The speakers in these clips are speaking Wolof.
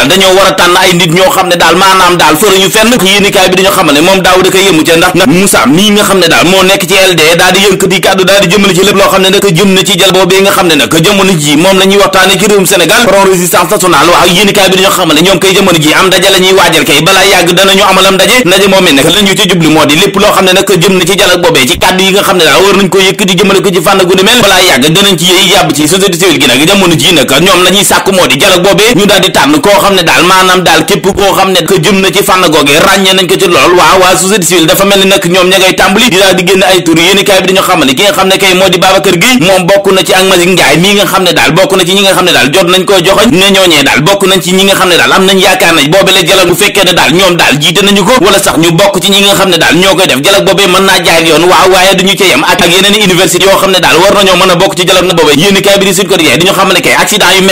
daal dañoo war a tànn ay nit ñoo xam ne daal maanaam daal fëra ñu fenn yéenikaay bi dañoo xamal ne moom daaw da koy yëmu ca ndax Moussa mii nga xam ne daal moo nekk jëm ne ci réewum Sénégal am daje la ñuy waajal kay balaa yàgg danañu amalam ci kàddu yi nga xam ne daal war nañ ko yëkkati jëmale ko ci fànn gu mel balaa yàgg danañ ci yàbb ci société civile gi nag jamono ji nag ñoom la sàkk moo di jal boobee ñu daal tànn koo xam ne maanaam daal képp koo xam ne ko jëm na ci fànn googe nañ ko ci lool waaw waa société dafa mel ni nag ñoom ña ngay di daal di génn ay tur yéeni bi dañu xam ne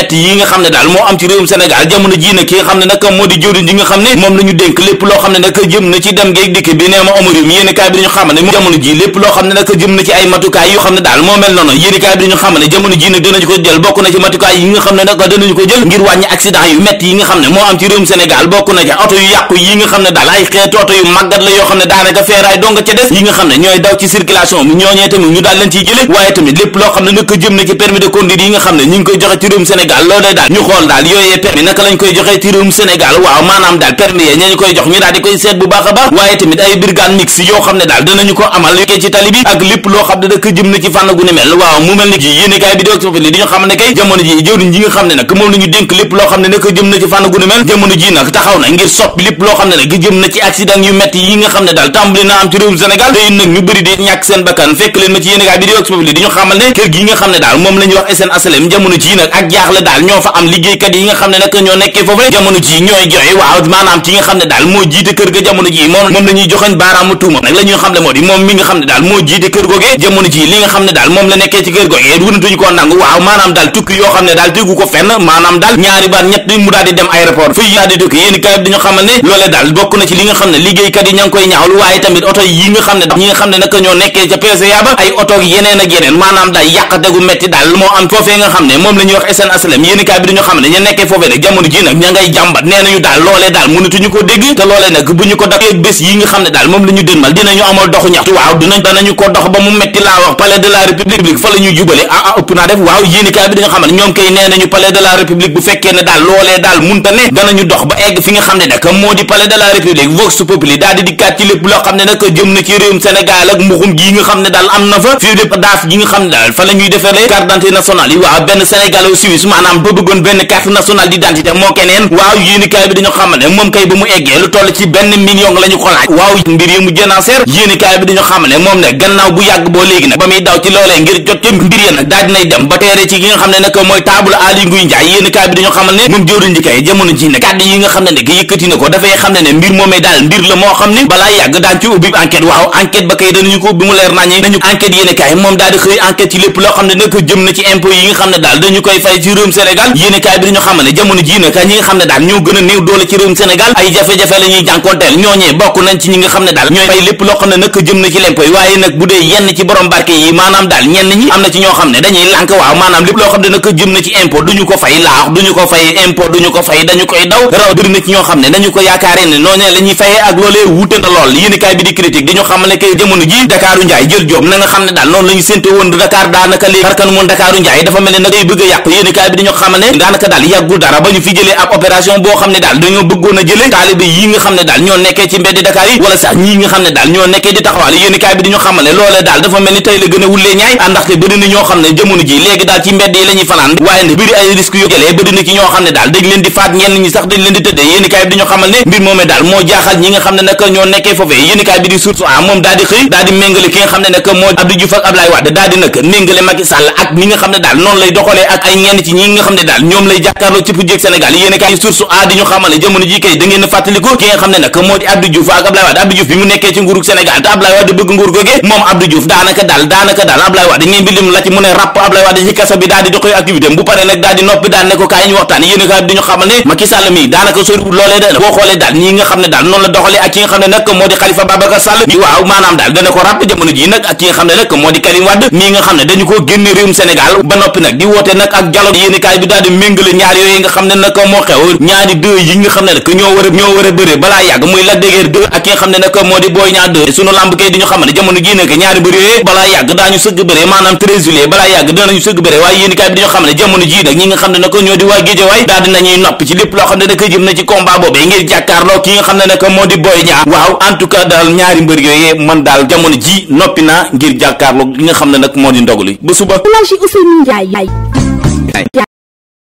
ki moo am ci ñi nga xam na boobee ji ngir wàññi accident yu metti yi nga xam ne moo am ci réewum Sénégal bokk na ci oto yu yàqu yi nga xam ne daal ay xeetu oto yu màggat la yoo xam ne daanaka feeraay dong ca des yi nga xam ne ñooy daw ci circulation bi ñooñee tamit ñu daal leen ciy jële waaye tamit lépp loo xam ne nag jëm na ci permis de conduire yi nga xam ne ñu ngi koy joxe ci réewum Sénégal loolee daal ñu xool daal yooyee permis naka lañ koy joxee jamono ji nag taxaw na ngir soppi lépp loo xam ne nag jëm nag ñu bëri di ñàkk seen bakkan fekk leen ma ci yéen bi di wax di ñu xamal ne kër gi nga xam ne daal moom la ñu wax SN HLM jamono ji nag ak jaaxle daal ñoo fa am liggéeykat yi nga xam ne nag ñoo nekkee foofu la jamono ji ñooy joxe waaw maanaam ci nga xam ne daal moo jiite kër ga jamono ji moom moom la ñuy joxañ baaraamu tuuma nag la ñuy xam ne moo di moom mi nga xam ne daal moo jiite kër googee jamono ji li nga xam ne daal moom la nekkee ci kër googee wunatuñu koo nangu waaw maanaam daal tukki yoo xam ne daal tegu ko fenn maanaam daal ñaari baat ñett mu daal di dem aéroport fay daal di tukki yéen kayit dañu xamal ne loole daal bokk na ci li nga xam ne liggéeykat yi ña ngi koy ñaawlu waaye tamit oto yi nga xam ne ñi nga xam ne naka ñoo nekkee ca PCA ba ay oto yeneen ak yeneen maanaam daal yàqate gu metti daal moo am foofee nga xam ne moom la ñuy wax SN HLM yéen kayit bi dañu xam ne ña nekkee foofee nag jamono ji nag ña ngay jàmbat nee nañu daal loolee daal mënatuñu ko dégg te loolee dox ba egg fi nga xam ne nag moo di palais de la république vox populi daal di dikkaat ci lépp xam ne nag jëm na ci réewum Sénégal ak mbuxum gi nga xam ne daal am na fa fii de daaf gi nga xam ne daal fa la defaree carte d'identité nationale yi waaw benn Sénégal au maanaam ba bëggoon benn carte nationale d'identité moo kenn leneen waaw yéenikaay bi dañu xamal ne moom kay ba mu eggee lu toll ci benn million la ñu waaw mbir yi mu jënaa seer yéenikaay bi boo léegi nag ba muy daw ci loolee ngir jot ci mbir yi nag daal dinay xam ne nag mooy taabul Aly Ngouille bi dañu xamal ne moom jëwriñ ji kay jamono ji ne xam ne nag yëkkati na kay moom daal xëy enquête ci lépp loo xam ne nag jëm na ci impôt yi nga xam ne daal dañu koy fay ci réewum Sénégal yéenikaay bi dañu xamal ne jamono ji ne nga xam ne daal ñoo gën a fay lépp loo xam ko fay laax duñu ko ko fay dañu koy daw raw bëri na ci ñoo xam ne daal noonu la ñu sénte woon Dakar daanaka léegi xarkan moon Dakaaru Njaay dafa mel nag ay bëgg a yàqu yéenekaay bi di ñu xamal ne daal yàggul dara ba ñu fi jëlee ab opération boo xam ne daal dañoo bëggoon a jële taalibe yi nga xam ne daal ñoo nekkee ci mbeddi Dakar yi wala sax ñii nga xam ne daal ñoo nekkee di taxawaal yéenekaay bi di ñu xamal ne loolee daal dafa mel ni tey la gën a wullee ñaay àndaxte bëri na ñoo xam ne jamono ji léegi daal ci mbedd yi la ñuy fanaan waaye ne bëri ay risque yu jëlee bëri na ci ñoo xam ne daal dañ leen di faat ñenn ñi sax dañ leen di tëddee yéenekaay bi di ñu xamal ne mbir moomee daal moo jaaxal ñi nga xam ne nag ñoo nekkee foofee yéenekaay bi di source a moom daal di xëy daal di méngale ki nga xam ne nag moo Abdou Diouf ak Abdoulaye Wade daal di nag méngale Macky Sall ak ñi nga xam ne daal noonu lay doxalee ak ay ñenn ci ñi nga xam ne daal ñoom lay jàkkaarloo ci pu jéeg Sénégal yéen a ci nguurug Sénégal daanaka daal loolee daal boo xoolee daal ñi nga xam ne daal noonu la doxalee ak ki nga xam ne nag moo di Khalifa Babacar Sall nga xam ne dañu ko génne réewum Sénégal ba noppi nag di woote nag ak dialogue yéen kaay bi daal di méngale ñaar yooyu nga xam ne nag moo xew ñaari deux yi nga xam ne nag ñoo war a ñoo war a bëre balaa yàgg muy Lac de Guiers 2 ak ki nga xam ne nag moo di Boy Niang waaw en tout cas daal ñaari mbër yooyee man daal jamono ji noppi naa ngir jàkkaarloo li nga xam ne nag moo di ndoguli ba suba